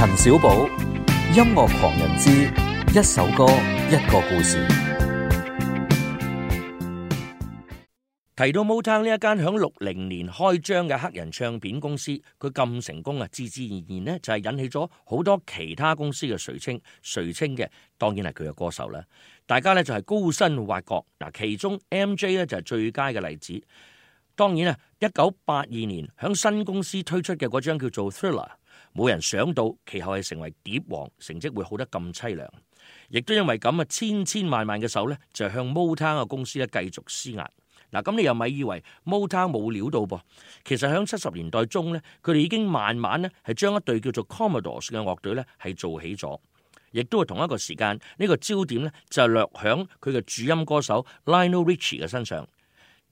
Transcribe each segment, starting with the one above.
陳少寶，音樂狂人之一首歌一個故事。提到 Motown 呢一間響六零年開張嘅黑人唱片公司，佢咁成功啊，自自然然呢就係引起咗好多其他公司嘅垂青。垂青嘅當然係佢嘅歌手啦。大家呢就係高薪挖角嗱，其中 MJ 呢就係最佳嘅例子。當然啊，一九八二年響新公司推出嘅嗰張叫做 Thriller。冇人想到其後係成為碟王，成績會好得咁凄涼，亦都因為咁啊，千千萬萬嘅手咧就向 Motown 嘅公司咧繼續施壓嗱。咁你又咪以為 Motown 冇料到噃？其實喺七十年代中咧，佢哋已經慢慢咧係將一隊叫做 Commodore 嘅樂隊咧係做起咗，亦都係同一個時間呢、呢個焦點咧就係落響佢嘅主音歌手 Lionel Richie 嘅身上。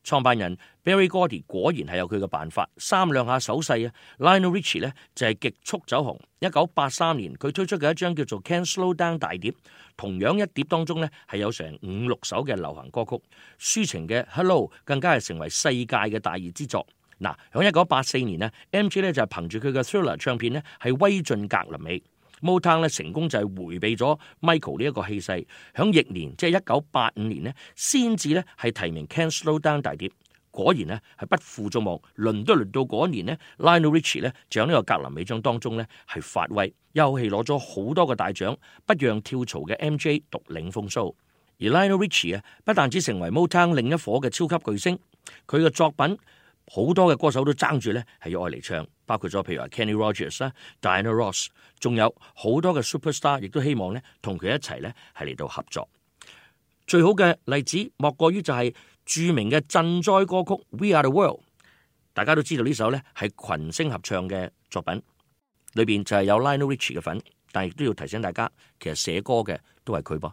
創辦人 Barry Gordy 果然係有佢嘅辦法，三兩下手勢啊，Lionel Richie 咧就係、是、極速走紅。一九八三年佢推出嘅一張叫做《Can't Slow Down》大碟，同樣一碟當中呢係有成五六首嘅流行歌曲，抒情嘅《Hello》更加係成為世界嘅大熱之作。嗱，響一九八四年呢 MJ 咧就係、是、憑住佢嘅 Thriller 唱片呢，係威震格林美。Motown 咧成功就係迴避咗 Michael 呢一個氣勢，響翌年即係一九八五年咧，先至咧係提名 Can't Slow Down 大碟，果然咧係不負眾望。輪都輪到嗰年呢 Lionel Richie 咧就喺呢個格林美獎當中呢係發威，一氣攞咗好多個大獎，不讓跳槽嘅 MJ 獨領風騷。而 Lionel Richie 啊，不但只成為 Motown 另一夥嘅超級巨星，佢嘅作品。好多嘅歌手都爭住咧係要用嚟唱，包括咗譬如話 Kenny Rogers 啦、Diana Ross，仲有好多嘅 superstar，亦都希望咧同佢一齊咧係嚟到合作。最好嘅例子莫過於就係著名嘅賑災歌曲《We Are The World》，大家都知道呢首咧係群星合唱嘅作品，裏邊就係有 Lionel Richie 嘅份，但係亦都要提醒大家，其實寫歌嘅都係佢噃。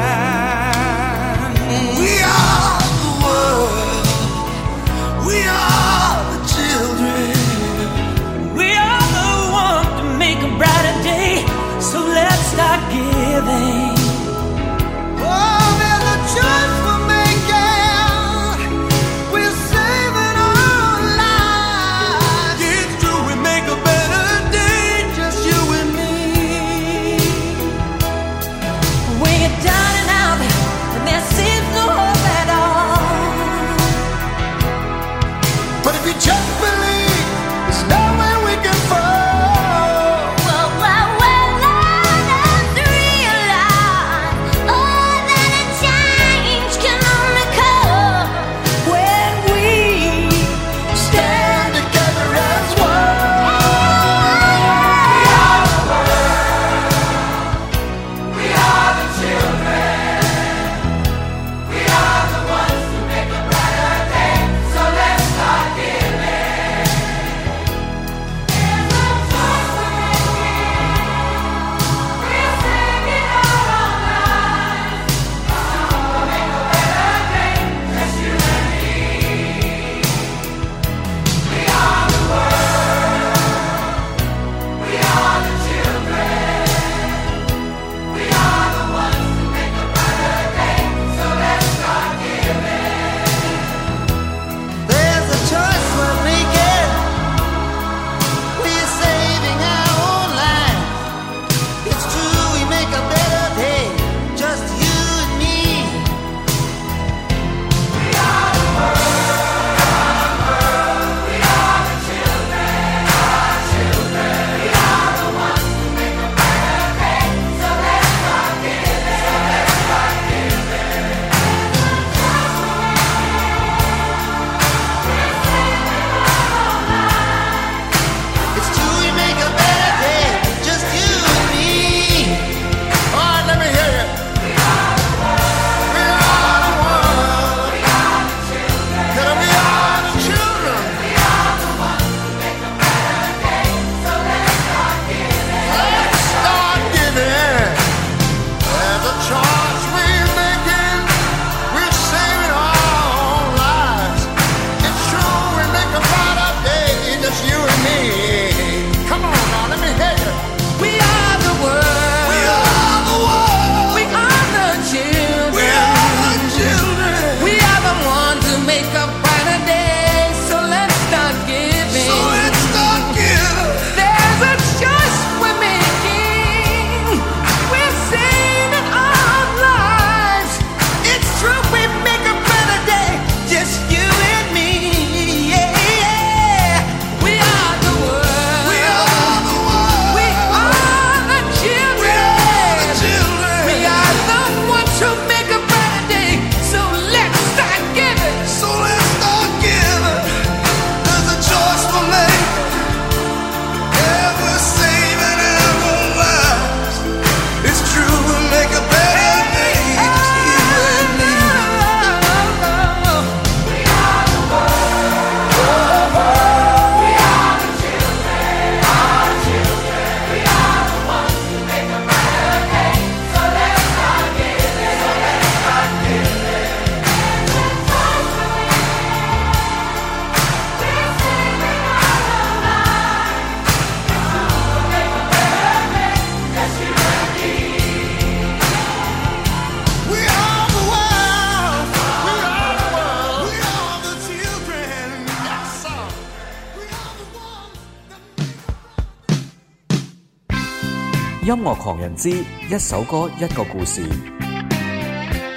音樂狂人之，一首歌，一個故事，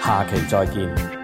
下期再見。